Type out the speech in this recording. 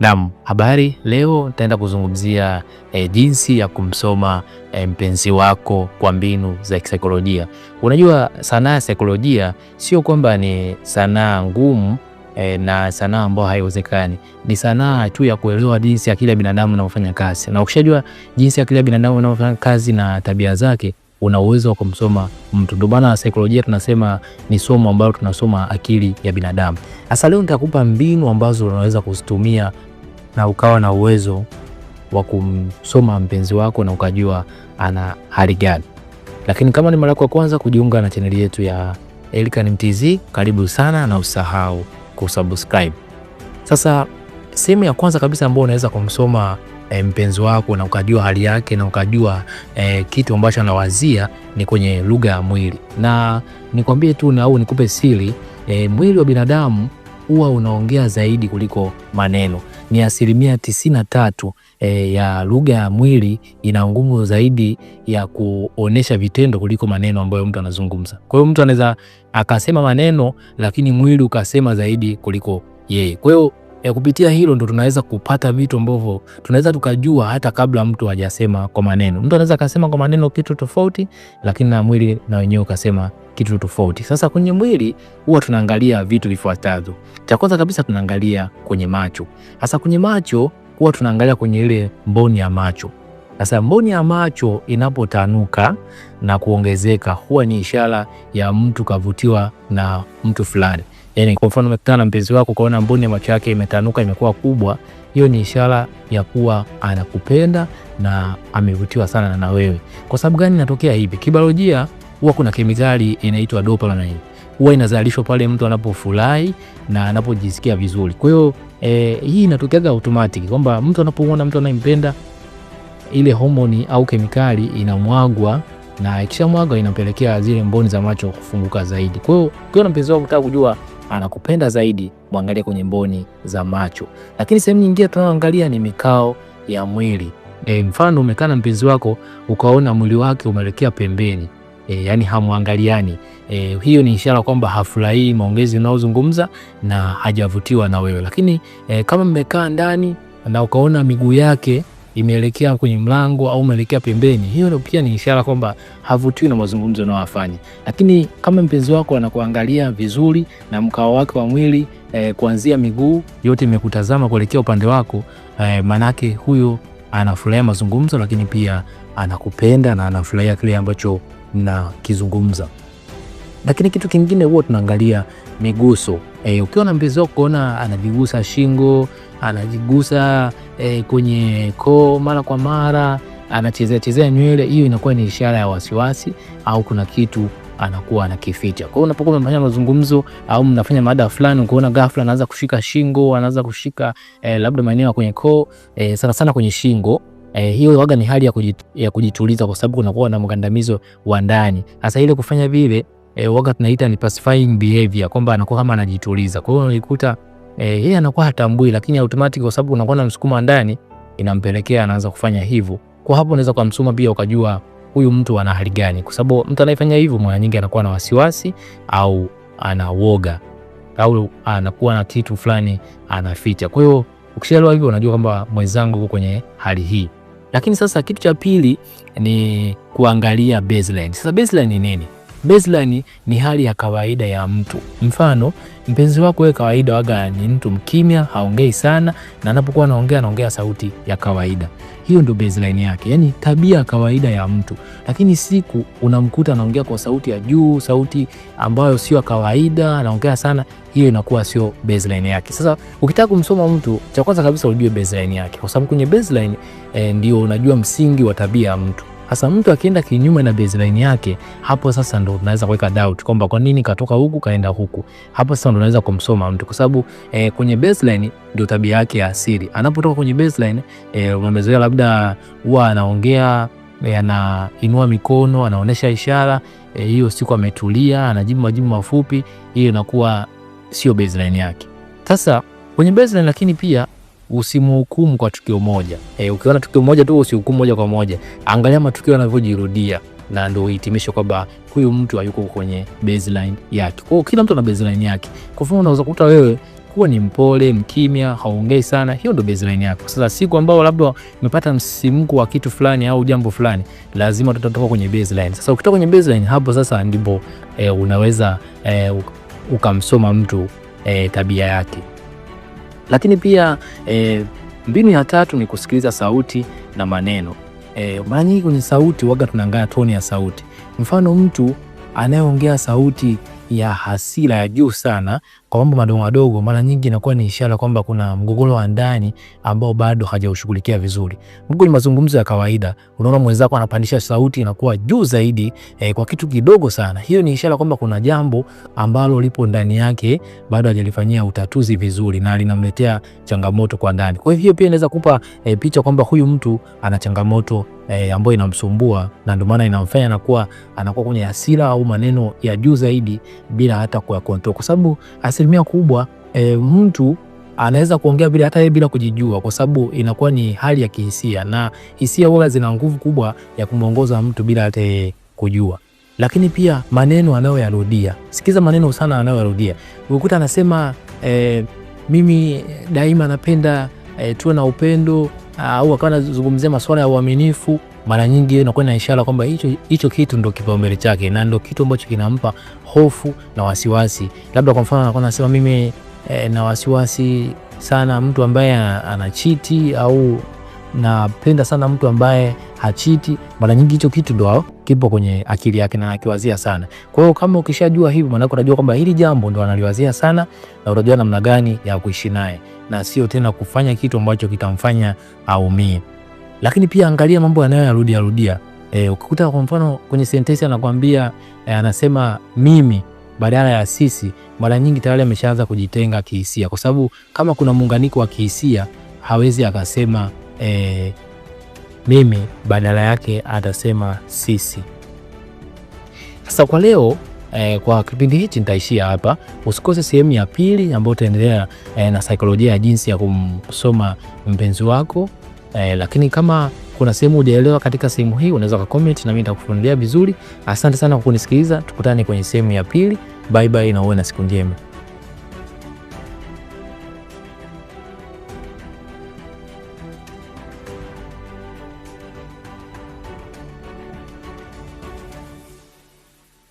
Naam, habari. Leo nitaenda kuzungumzia e, jinsi ya kumsoma e, mpenzi wako kwa mbinu za kisaikolojia. Unajua, sanaa ya saikolojia sio kwamba ni sanaa ngumu e, na sanaa ambayo haiwezekani. Ni sanaa tu ya kuelewa jinsi akili ya binadamu inavyofanya kazi, na ukishajua jinsi akili ya binadamu inavyofanya kazi na tabia zake una uwezo wa kumsoma mtu. Ndio maana saikolojia tunasema ni somo ambalo tunasoma akili ya binadamu. Sasa leo nitakupa mbinu ambazo unaweza kuzitumia na ukawa na uwezo wa kumsoma mpenzi wako na ukajua ana hali gani. Lakini kama ni mara yako ya kwanza kujiunga na chaneli yetu ya Elikhan Mtz, karibu sana na usahau kusubscribe. Sasa sehemu ya kwanza kabisa ambayo unaweza kumsoma e, mpenzi wako na ukajua hali yake na ukajua e, kitu ambacho anawazia ni kwenye lugha ya mwili. Na nikwambie tu na au nikupe siri e, mwili wa binadamu huwa unaongea zaidi kuliko maneno. Ni asilimia tisini na tatu e, ya lugha ya mwili ina nguvu zaidi ya kuonesha vitendo kuliko maneno ambayo mtu anazungumza. Kwa hiyo mtu anaweza akasema maneno, lakini mwili ukasema zaidi kuliko yeye. Kwa hiyo E, kupitia hilo ndo tunaweza kupata vitu ambavyo tunaweza tukajua hata kabla mtu hajasema kwa maneno. Mtu anaweza akasema kwa maneno kitu tofauti, lakini na mwili na wenyewe ukasema kitu tofauti. Sasa kwenye mwili huwa tunaangalia vitu vifuatavyo. Cha kwanza kabisa tunaangalia kwenye macho. Sasa kwenye macho huwa tunaangalia kwenye ile mboni ya macho. Sasa mboni ya macho inapotanuka na kuongezeka huwa ni ishara ya mtu kavutiwa na mtu fulani. Yani kwa mfano umekutana na mpenzi wako ukaona mboni macho yake imetanuka imekuwa kubwa, hiyo ni ishara ya kuwa anakupenda na amevutiwa sana na wewe. Kwa sababu gani inatokea hivi? Kibiolojia huwa kuna kemikali inaitwa dopamine huwa inazalishwa pale mtu anapofurahi na anapojisikia vizuri. Kwa hiyo e, hii inatokeaga automatic kwamba mtu anapomwona mtu anayempenda ile homoni au kemikali inamwagwa na ikishamwagwa inapelekea zile mboni za macho kufunguka zaidi. Kwa hiyo ukiwa na mpenzi wako, ukitaka kujua anakupenda zaidi, mwangalie kwenye mboni za macho. Lakini sehemu nyingine tunayoangalia ni mikao ya mwili. E, mfano umekaa na mpenzi wako ukaona mwili wake umeelekea pembeni E, yani hamwangaliani. E, hiyo ni ishara kwamba hafurahii maongezi unaozungumza na hajavutiwa na wewe. Lakini e, kama mmekaa ndani na ukaona miguu yake imeelekea kwenye mlango au umeelekea pembeni, hiyo pia ni ishara kwamba havutiwi na mazungumzo unayoyafanya. Lakini kama mpenzi wako anakuangalia vizuri na mkao wake wa mwili eh, kuanzia miguu yote imekutazama kuelekea upande wako eh, manake huyo anafurahia mazungumzo, lakini pia anakupenda na anafurahia kile ambacho mnakizungumza. Lakini kitu kingine huwa tunaangalia miguso. E, ukiwa na mpenzi wako kuona anajigusa shingo, anajigusa e, kwenye koo mara kwa mara anachezea chezea nywele, hiyo inakuwa ni ishara ya wasiwasi au kuna kitu anakuwa anakificha. Kwa hiyo unapokuwa mnafanya mazungumzo au mnafanya mada fulani, ukiona ghafla anaanza kushika shingo, anaanza kushika eh, labda maeneo kwenye koo eh, sana sana kwenye shingo eh, hiyo waga ni hali ya, kujit, ya kujituliza, kwa sababu kunakuwa na mgandamizo wa ndani. Sasa ile kufanya vile eh, waga tunaita ni pacifying behavior, kwamba anakuwa kama anajituliza. Kwa hiyo unaikuta eh, yeye anakuwa hatambui, lakini automatic kwa sababu unakuwa unamsukuma ndani, inampelekea anaanza kufanya hivyo. Kwa hapo unaweza kumsoma pia ukajua huyu mtu ana hali gani, kwa sababu mtu anayefanya hivyo mara nyingi anakuwa na wasiwasi au ana woga au anakuwa na kitu fulani anaficha. Kwa hiyo ukishaelewa hivyo, unajua kwamba mwenzangu uko kwenye hali hii. Lakini sasa kitu cha pili ni kuangalia baseline. Sasa baseline ni nini? Baseline ni hali ya kawaida ya mtu. Mfano, mpenzi wako wewe kawaida waga ni mtu mkimya, haongei sana na anapokuwa anaongea anaongea sauti ya kawaida. Hiyo ndio baseline yake. Yaani tabia ya kawaida ya mtu. Lakini siku unamkuta anaongea kwa sauti ya juu, sauti ambayo sio kawaida, anaongea sana, hiyo inakuwa sio baseline yake. Sasa ukitaka kumsoma mtu, cha kwanza kabisa ujue baseline yake. Kwa sababu kwenye baseline eh, ndio unajua msingi wa tabia ya mtu. Sasa mtu akienda kinyume na baseline yake, hapo sasa ndo unaweza kuweka doubt kwamba kwa nini katoka huku kaenda huku. Hapo sasa ndo unaweza kumsoma mtu kwa sababu e, kwenye baseline ndio tabia yake ya asili. Anapotoka kwenye baseline e, eh, umemezoea labda huwa anaongea e, anainua mikono, anaonesha ishara hiyo e, siku ametulia, anajibu majibu mafupi, hiyo inakuwa sio baseline yake. Sasa kwenye baseline lakini pia usimhukumu kwa tukio moja. E, ukiona tukio moja tu usihukumu moja kwa moja, angalia matukio yanavyojirudia na ndo uhitimishe kwamba huyu mtu hayuko kwenye baseline yake. Kwa kila mtu ana baseline yake. Kwa mfano, unaweza kukuta wewe kuwa ni mpole, mkimya, haongei sana, hiyo ndo baseline yako. Sasa siku ambao labda umepata msisimko wa kitu fulani au jambo fulani, lazima utatoka kwenye baseline. Sasa ukitoka kwenye baseline, hapo sasa ndipo e, unaweza e, ukamsoma mtu e, tabia yake. Lakini pia e, mbinu ya tatu ni kusikiliza sauti na maneno. E, mara nyingi kwenye sauti waga tunaangalia toni ya sauti. Mfano mtu anayeongea sauti ya hasira ya juu sana kwa mambo madogo madogo, mara nyingi inakuwa ni ishara kwamba kuna mgogoro wa ndani ambao bado hajaushughulikia vizuri. Mgogoro ni mazungumzo ya kawaida, unaona mwenzako anapandisha sauti inakuwa juu zaidi eh, kwa kitu kidogo sana. Hiyo ni ishara kwamba kuna jambo ambalo lipo ndani yake bado hajalifanyia utatuzi vizuri na linamletea changamoto kwa ndani. Kwa hivyo pia inaweza kupa eh, picha kwamba huyu mtu ana changamoto e, ambayo inamsumbua na ndio maana inamfanya anakuwa anakuwa kwenye hasira au maneno ya juu zaidi bila hata kuyakontrol, kwa sababu asilimia kubwa e, mtu anaweza kuongea bila hata yeye bila kujijua, kwa sababu inakuwa ni hali ya kihisia, na hisia huwa zina nguvu kubwa ya kumwongoza mtu bila hata yeye kujua. Lakini pia maneno anayoyarudia, sikiza maneno sana anayoyarudia. Ukuta anasema e, mimi daima napenda e, tuwe na upendo au ah, akawa anazungumzia masuala ya uaminifu, mara nyingi inakuwa na ishara kwamba hicho hicho kitu ndo kipaumbele chake na ndo kitu ambacho kinampa hofu na wasiwasi. Labda kwa mfano anakuwa anasema mimi e, na wasiwasi sana mtu ambaye anachiti au napenda sana mtu ambaye hachiti. Mara nyingi hicho kitu ndo kipo kwenye akili yake na akiwazia sana. Kwa hiyo kama ukishajua hivyo, maana unajua kwamba hili jambo ndo analiwazia sana, na unajua namna gani ya kuishi naye na sio tena kufanya kitu ambacho kitamfanya aumie. Lakini pia angalia mambo yanayoyarudia rudia. E, ukikuta kwa mfano kwenye sentensi anakwambia e, anasema mimi badala ya sisi, mara nyingi tayari ameshaanza kujitenga kihisia, kwa sababu kama kuna muunganiko wa kihisia hawezi akasema e, mimi badala yake atasema sisi. Sasa kwa leo e, kwa kipindi hichi nitaishia hapa. Usikose sehemu ya pili ambayo utaendelea e, na saikolojia ya jinsi ya kumsoma mpenzi wako e, lakini kama kuna sehemu hujaelewa katika sehemu hii unaweza kucomment na mimi nitakufunulia vizuri. Asante sana kwa kunisikiliza, tukutane kwenye sehemu ya pili. Bye bye na uwe na siku njema.